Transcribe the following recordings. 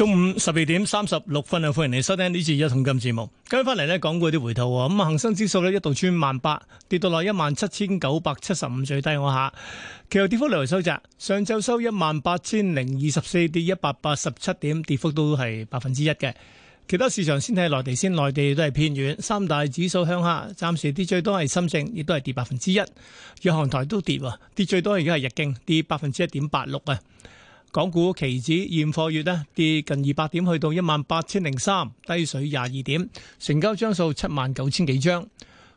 中午十二點三十六分啊，歡迎你收聽呢次一桶金節目。今日翻嚟咧，講過啲回吐喎。咁啊，恒生指數咧一度穿萬八，跌到落一萬七千九百七十五最低嗰下，其後跌幅嚟收窄。上晝收一萬八千零二十四，跌一百八十七點，跌幅都係百分之一嘅。其他市場先睇內地先地，內地都係偏軟，三大指數向下，暫時跌最多係深證，亦都係跌百分之一。若航台都跌，跌最多而家係日經跌百分之一點八六啊。港股期指現貨月咧跌近二百點，去到一萬八千零三，低水廿二點，成交張數七萬九千幾張。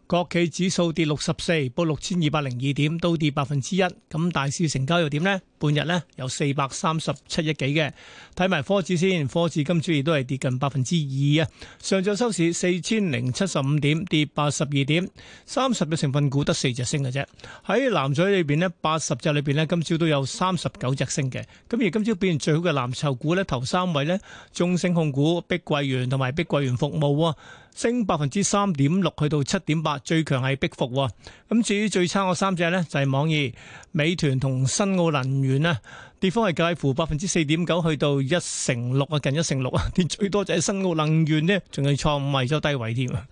國企指數跌六十四，報六千二百零二點，都跌百分之一。咁大市成交又點呢？半日呢，有四百三十七億幾嘅。睇埋科指先，科指今朝亦都係跌近百分之二啊。上晝收市四千零七十五點，跌八十二點。三十隻成分股得四隻升嘅啫。喺藍籌裏邊呢，八十隻裏邊呢，今朝都有三十九隻升嘅。咁而今朝表現最好嘅藍籌股呢，頭三位呢，中升控股、碧桂園同埋碧桂園服務啊。升百分之三點六，去到七點八，最強係碧服喎。咁至於最差嗰三隻呢，就係網易、美團同新奧能源咧。跌幅係介乎百分之四點九去到一成六啊，近一成六啊，跌最多就係新奧能源呢，仲係創五周低位添啊！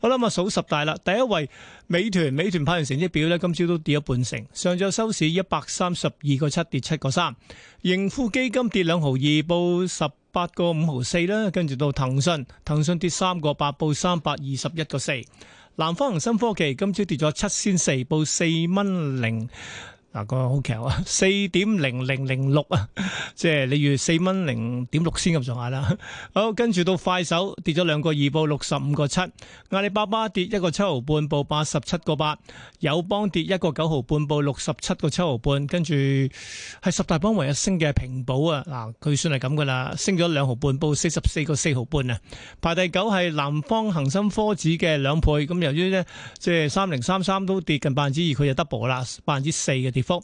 我諗啊，數十大啦，第一位美團，美團派完成績表呢，今朝都跌咗半成，上晝收市一百三十二個七跌七個三，盈富基金跌兩毫二，8, 報十八個五毫四啦，跟住到騰訊，騰訊跌三個八，報三百二十一個四，南方恒生科技今朝跌咗七仙四，報四蚊零。嗱個好強啊，四點零零零六啊， 即係你如四蚊零點六先咁上下啦。 好，跟住到快手跌咗兩個二，報六十五個七，阿里巴巴跌一個七毫半，報八十七個八，友邦跌一個九毫半，報六十七個七毫半。跟住係十大榜唯一升嘅平保啊，嗱佢算係咁噶啦，升咗兩毫半，報四十四個四毫半啊。排第九係南方恒生科指嘅兩倍，咁由於呢，即係三零三三都跌近百分之二，佢就 double 啦，百分之四嘅跌。幅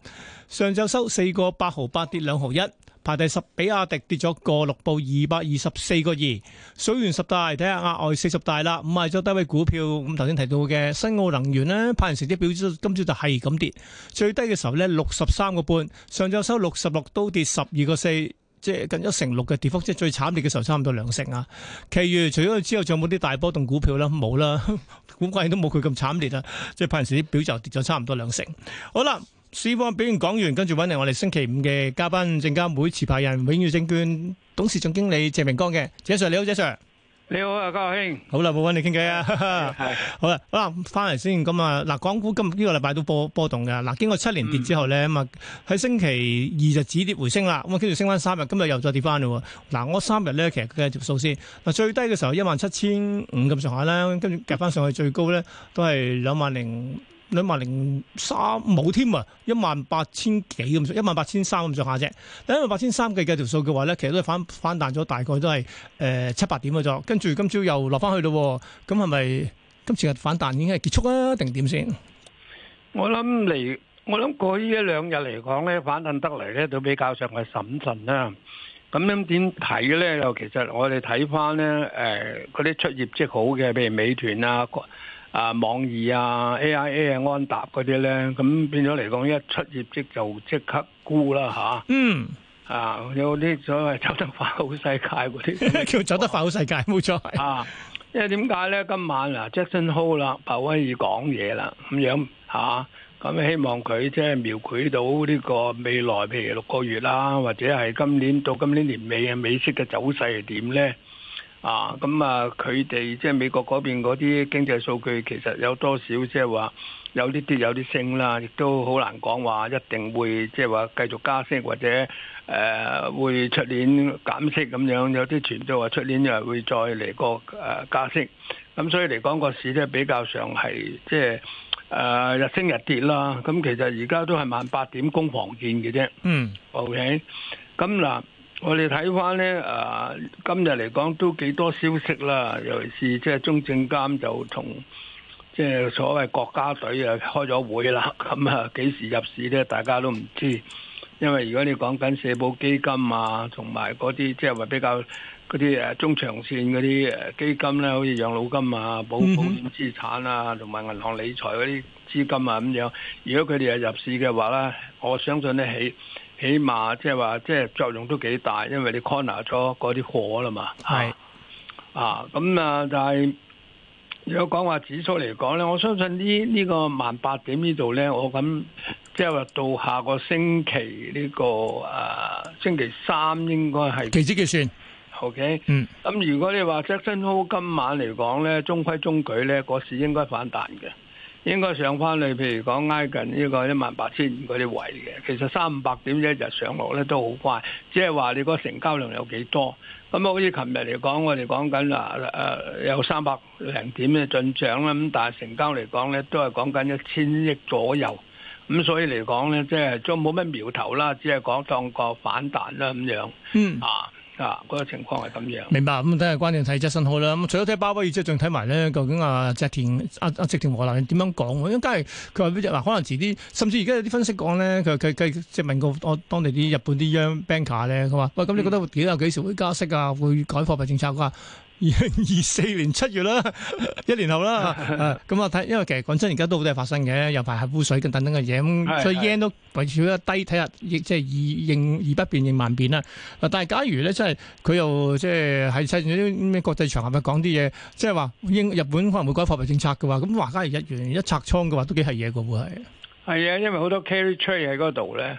上晝收四個八毫八，跌兩毫一，排第十，比亞迪跌咗個六部二百二十四個二。2, 數完十大，睇下額外四十大啦，五係咗低位股票。咁頭先提到嘅新奧能源呢，派人成績表，今朝就係咁跌。最低嘅時候呢，六十三個半，上晝收六十六，都跌十二個四，即係近一成六嘅跌幅，即係最慘烈嘅時候差唔多兩成啊。其餘除咗佢之後，仲有冇啲大波動股票咧？冇啦，估計都冇佢咁慘烈啊。即係派人成績表就跌咗差唔多兩成。好啦。C 方表現講完，跟住揾嚟我哋星期五嘅嘉賓，證監會持牌人，永裕證券董事總經理謝明光嘅。謝 Sir 你好，謝 Sir。你好,好你啊，江浩興。是好啦，冇揾你傾偈啊。係。好啦，好啦，翻嚟先。咁啊，嗱，港股今日呢個禮拜都波波動嘅。嗱，經過七年跌之後咧，咁啊喺星期二就止跌回升啦。咁啊，跟住升翻三日，今日又再跌翻啦。嗱，我三日咧，其實嘅條數先。嗱，最低嘅時候一萬七千五咁上下啦，跟住夾翻上去最高咧都係兩萬零。兩萬零三冇添啊！一萬八千幾咁上下，一萬八千三咁上下啫。但一萬八千三計計條數嘅話咧，其實都係反反彈咗，大概都係誒七八點嘅咗。跟住今朝又落翻去咯，咁係咪今次嘅反彈已經係結束啊？定點先？我諗嚟，我諗過呢一兩日嚟講咧，反彈得嚟咧都比較上係審慎啦。咁樣點睇咧？又其實我哋睇翻咧，誒嗰啲出業績好嘅，譬如美團啊。啊，網易啊，AIA、啊、安踏嗰啲咧，咁變咗嚟講，一出業績就即刻沽啦，吓、啊、嗯，啊有啲所謂走得快好世界嗰啲 叫走得快好世界，冇錯 啊，因為點解咧？今晚啊，Jackson Hole 啦，鮑威爾講嘢啦，咁樣吓，咁、啊啊啊、希望佢即係描繪到呢個未來，譬如六個月啦，或者係今年到今年年尾嘅美息嘅走勢係點咧？啊，咁啊，佢哋即係美國嗰邊嗰啲經濟數據，其實有多少即係話有啲跌有啲升啦，亦都好難講話一定會即係話繼續加息或者誒、呃、會出年減息咁樣，有啲傳在話出年又會再嚟個誒、呃、加息。咁所以嚟講個市即係比較上係即係誒、呃、日升日跌啦。咁其實而家都係萬八點攻防線嘅啫。嗯。OK。咁嗱。我哋睇翻呢，啊，今日嚟講都幾多消息啦，尤其是即係中證監就同即係所謂國家隊啊開咗會啦，咁啊幾時入市呢？大家都唔知。因為如果你講緊社保基金啊，同埋嗰啲即係話比較嗰啲誒中長線嗰啲誒基金咧，好似養老金啊、保保險資產啊，同埋銀行理財嗰啲資金啊咁樣，如果佢哋係入市嘅話啦，我相信咧起。起碼即係話，即係作用都幾大，因為你 corner 咗嗰啲貨啦嘛。係啊，咁是啊，但係如果講話指數嚟講咧，我相信呢呢、這個萬八點呢度咧，我咁即係話到下個星期呢、這個啊星期三應該係期指結算。OK，嗯。咁如果你話 Jackson Hole 今晚嚟講咧，中規中矩咧，個市應該反彈嘅。應該上翻嚟，譬如講挨近呢個一萬八千嗰啲位嘅，其實三百點一日上落咧都好快，即係話你嗰個成交量有幾多？咁啊，好似琴日嚟講，我哋講緊啊啊有三百零點嘅進漲啦，咁但係成交嚟講咧都係講緊一千億左右，咁所以嚟講咧，即係都冇乜苗頭啦，只係講當個反彈啦咁樣，嗯啊。啊，嗰個情況係咁樣。明白，咁睇下關鍵睇質信號啦。咁除咗睇鮑威爾，之後仲睇埋咧，究竟啊，植田阿啊，植田和男點樣講？因為佢話嗰隻嗱，可能遲啲，甚至而家有啲分析講咧，佢佢即係問過我當地啲日本啲央 banker 咧，佢話喂，咁你覺得幾啊幾時會加息啊？會改貨幣政策嘅。二零二四年七月啦，一年後啦，咁啊睇，因為其實講真，而家都好多嘢發生嘅，有排核污水等等嘅嘢咁，所以 yen 都維持得低，睇下亦即係以應而不變，應萬變啦。嗱，但係假如咧，即係佢又即係喺世界啲咩國際場合講啲嘢，即係話英日本可能會改貨幣政策嘅話，咁華家怡日圓一拆倉嘅話，都幾係嘢嘅會係係啊，因為好多 carry trade 喺嗰度咧。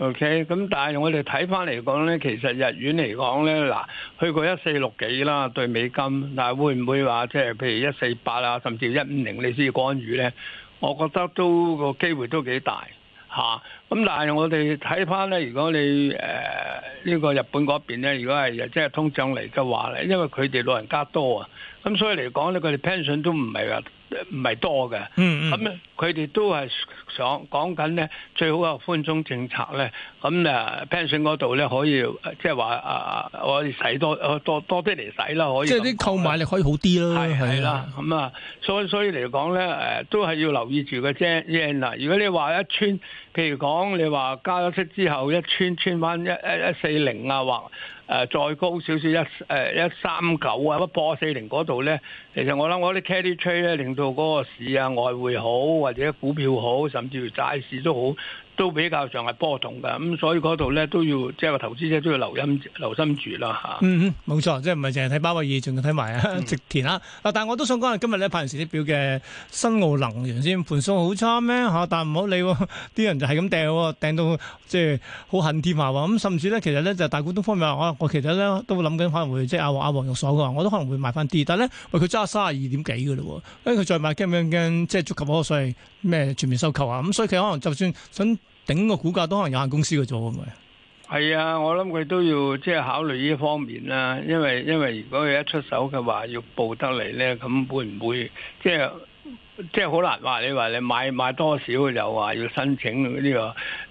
O K，咁但係我哋睇翻嚟講咧，其實日元嚟講咧，嗱去過一四六幾啦對美金，但嗱會唔會話即係譬如一四八啊，甚至一五零你先至干預咧？我覺得都個機會都幾大嚇。咁、啊、但係我哋睇翻咧，如果你誒呢、呃呢個日本嗰邊咧，如果係即係通脹嚟嘅話咧，因為佢哋老人家多啊。咁所以嚟講咧，佢哋 pension 都唔係話唔係多嘅，咁咧佢哋都係想講緊咧，最好嘅寬鬆政策咧，咁啊 pension 嗰度咧，可以即係話啊啊可以使多多多啲嚟使啦，可以即係啲購買力可以好啲咯，係係啦，咁啊，所以所以嚟講咧誒都係要留意住嘅啫。嗱，如果你話一穿，譬如講你話加咗息之後一穿穿翻一一四零啊或。誒、呃，再高少少一誒一三九、呃、啊，不破四零嗰度咧？其實我諗我啲 carry trade 咧，令到嗰個市啊、外匯好，或者股票好，甚至乎債市都好。都比較上係波動㗎，咁所以嗰度咧都要即係個投資者都要留心留心住啦嚇。嗯，冇錯，即係唔係淨係睇鮑威爾，仲要睇埋啊植田啊。但係我都想講，今日咧派人時啲表嘅新奧能源先盤數好差咩嚇？但唔好理喎，啲人就係咁掟喎，掟到即係好恨添呀。咁甚至咧，其實咧就大股東方面話，我其實咧都諗緊可能會即係阿阿王玉鎖嘅話，我都可能會買翻啲。但係咧，喂佢揸三十二點幾㗎嘞喎，誒佢再買驚唔驚即係觸及嗰個咩全面收購啊？咁所以佢可能就算想。整個股價都係有限公司嘅咗，係咪？係啊，我諗佢都要即係考慮呢方面啦，因為因為如果佢一出手嘅話要報得嚟咧，咁會唔會即係即係好難話？你話你買買多少又話要申請呢個誒誒誒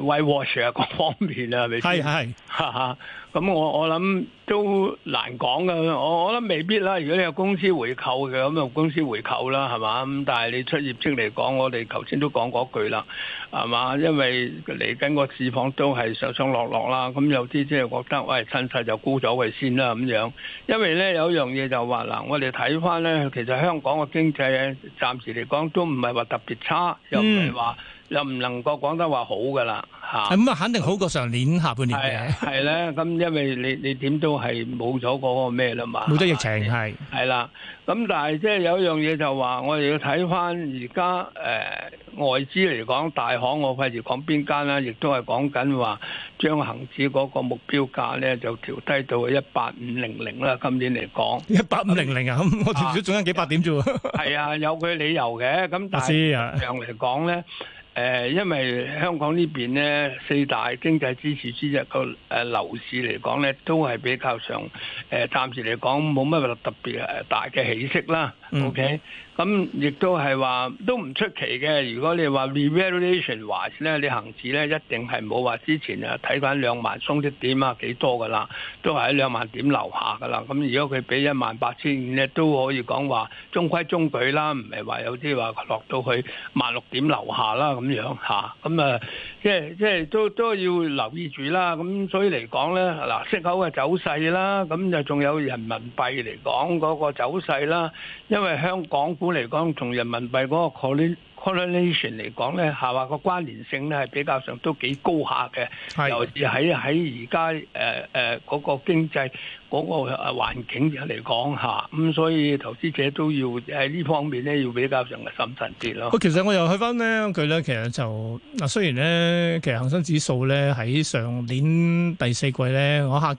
，wipe wash 啊，各方面啊，係咪先？係係，哈哈。咁 我我諗都難講噶，我我諗未必啦。如果你有公司回購嘅，咁就有公司回購啦，係嘛。咁但係你出業績嚟講，我哋頭先都講嗰句啦，係嘛。因為嚟緊個市況都係上上落落啦，咁有啲即係覺得，喂，哎，趁勢就沽咗佢先啦，咁樣。因為咧有一樣嘢就話嗱，我哋睇翻咧，其實香港嘅經濟咧暫時嚟講都唔係話特別差，又唔係話。又唔能夠講得話好㗎啦嚇，咁啊肯定好過上年下半年嘅，係咧。咁因為你你點都係冇咗嗰個咩啦嘛，冇咗疫情係，係啦。咁但係即係有一樣嘢就話，是，我哋要睇翻而家誒外資嚟講大行，我費事講邊間啦，亦都係講緊話將恆指嗰個目標價咧就調低到一八五零零啦。今年嚟講一八五零零啊，咁我調咗仲有幾百點啫喎。係啊， 有佢理由嘅。咁但係整樣嚟講咧。誒，因為香港呢邊咧，四大經濟支持之一個誒樓市嚟講咧，都係比較上誒、呃、暫時嚟講冇乜特別誒大嘅起色啦。O K。咁亦、嗯、都係話都唔出奇嘅。如果你話 revaluation wise 咧，你恒指咧一定係冇話之前啊睇返兩萬鬆啲點啊幾多噶啦，都係喺兩萬點樓下噶啦。咁、嗯、如果佢俾一萬八千五都可以講話中規中矩啦，唔係話有啲話落到去萬六點樓下啦咁樣吓，咁啊，嗯、即係即係都都要留意住啦。咁所以嚟講咧，嗱，息口嘅走勢啦，咁就仲有人民幣嚟講嗰、那個走勢啦，因為香港。估嚟講，從人民幣嗰個概念。correlation 嚟講咧，係話個關聯性咧係比較上都幾高下嘅。是尤其喺喺而家誒誒嗰個經濟嗰個環境嚟講下，咁所以投資者都要喺呢方面咧要比較上嘅審慎啲咯。其實我又去翻呢，佢咧，其實就嗱雖然咧，其實恒生指數咧喺上年第四季咧，我下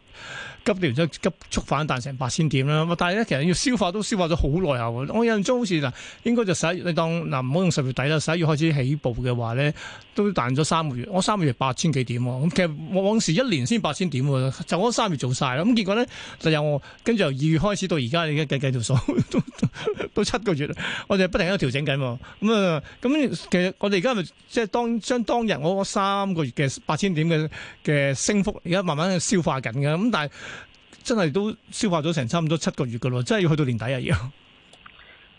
急跌即急速反彈成八千點啦。但係咧，其實要消化都消化咗好耐後，我印象中好似嗱，應該就十一月你當嗱唔好用十月底啦！十一月開始起步嘅話咧，都彈咗三個月。我三個月八千幾點喎、啊，咁其實往往時一年先八千點喎、啊，就我三月做晒啦。咁結果咧，就由我跟住由二月開始到而家，而家繼繼續數都都，都七個月。我哋不停喺度調整緊喎。咁啊，咁、嗯嗯、其實我哋而家咪即係當將當日我三個月嘅八千點嘅嘅升幅，而家慢慢消化緊嘅、啊。咁但係真係都消化咗成差唔多七個月嘅咯，真係要去到年底啊！要。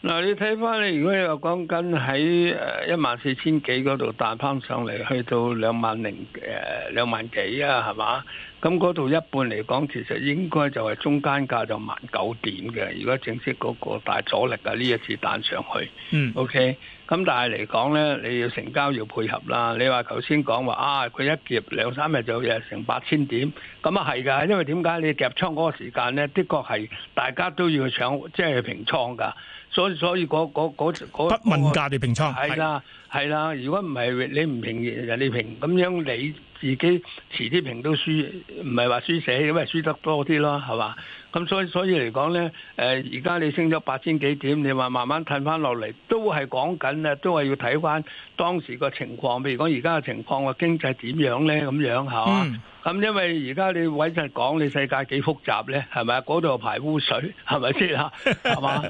嗱，你睇翻你，如果你有講緊喺誒一萬四千幾嗰度彈翻上嚟，去到兩萬零誒兩萬幾啊，係嘛？咁嗰度一半嚟講，其實應該就係中間價就萬九點嘅。如果正式嗰個大阻力啊，呢一次彈上去，嗯，OK。咁但係嚟講咧，你要成交要配合啦。你話頭先講話啊，佢一劫兩三日就成八千點，咁啊係㗎，因為點解你夾倉嗰個時間咧，的確係大家都要搶，即係平倉㗎。所以所以嗰嗰嗰嗰不問價地平倉，係啦係啦，如果唔係你唔平人哋平咁樣，你自己遲啲平都輸，唔係話輸少，因為輸得多啲咯，係嘛？咁所以所以嚟講咧，誒而家你升咗八千幾點，你話慢慢褪翻落嚟，都係講緊咧，都係要睇翻當時個情況。譬如講而家嘅情況，經濟點樣咧？咁樣係嘛。咁因為而家你位就係講，你世界幾複雜咧？係咪啊？嗰度排污水係咪先嚇？係嘛？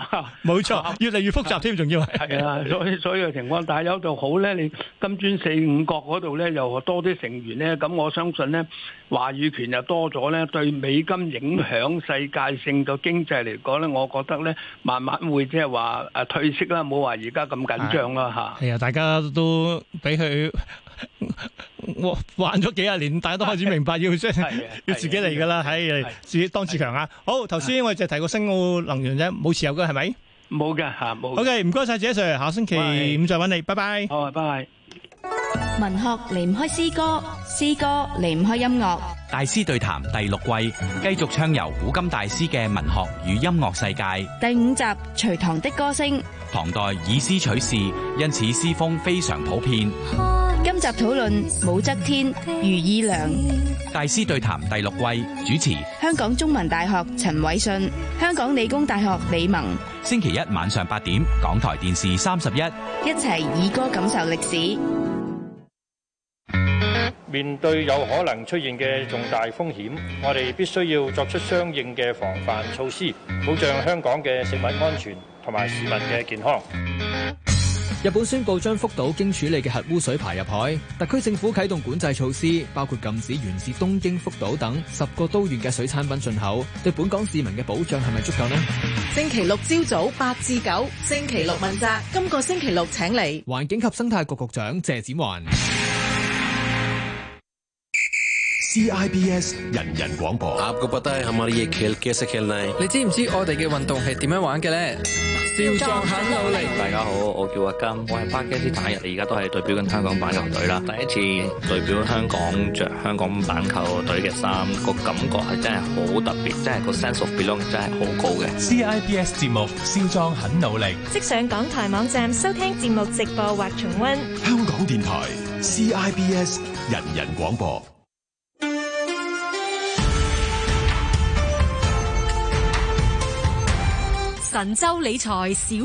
冇錯，越嚟越複雜添，仲要係啊！ 所以所以嘅情況，但係有就好咧。你金磚四五國嗰度咧，又多啲成員咧，咁我相信咧，話語權又多咗咧。對美金影響世界性嘅經濟嚟講咧，我覺得咧，慢慢會即係話誒退色啦，冇話而家咁緊張啦嚇。係啊，大家都俾佢。我 玩咗幾廿年，大家都開始明白要即係要自己嚟噶啦。唉，自己是呀是呀當自強啊！好，頭先我哋就提過新奧能源啫，冇持有噶係咪？冇嘅吓，冇。O K，唔該晒謝 Sir 下星期五再揾你，拜拜喂。好 bye，拜拜，哦。文學離唔開詩歌，詩歌離唔開音樂。大師對談第六季繼續暢遊古今大師嘅文學與音樂世界。第五集《隋唐的歌聲》。唐代以詩取士，因此詩風非常普遍。 今集討論武則天、如意良，大師對談第六季，主持香港中文大學陳偉信、香港理工大學李萌，星期一晚上八點港台電視三十一一齊以歌感受歷史。面對有可能出現嘅重大風險，我哋必須要作出相應嘅防範措施，保障香港嘅食品安全同埋市民嘅健康。日本宣布將福島經處理嘅核污水排入海，特區政府啟動管制措施，包括禁止源自東京福島等十個都縣嘅水產品進口。對本港市民嘅保障係咪足夠呢？星期六朝早八至九，星期六問責，今個星期六請嚟環境及生態局局長謝展寰。CIBS 人人廣播。你知唔知我哋嘅運動係點樣玩嘅呢？少壯很努力。大家好，我叫阿金，我係巴基斯坦人，而家都係代表緊香港板球隊啦。第一次代表香港着香港板球隊嘅衫，個感覺係真係好特別，真係個 sense of belong 真係好高嘅。CIBS 節目《少壯很努力》，即上港台網站收聽節目直播或重溫。香港電台 CIBS 人人廣播。神州理財小。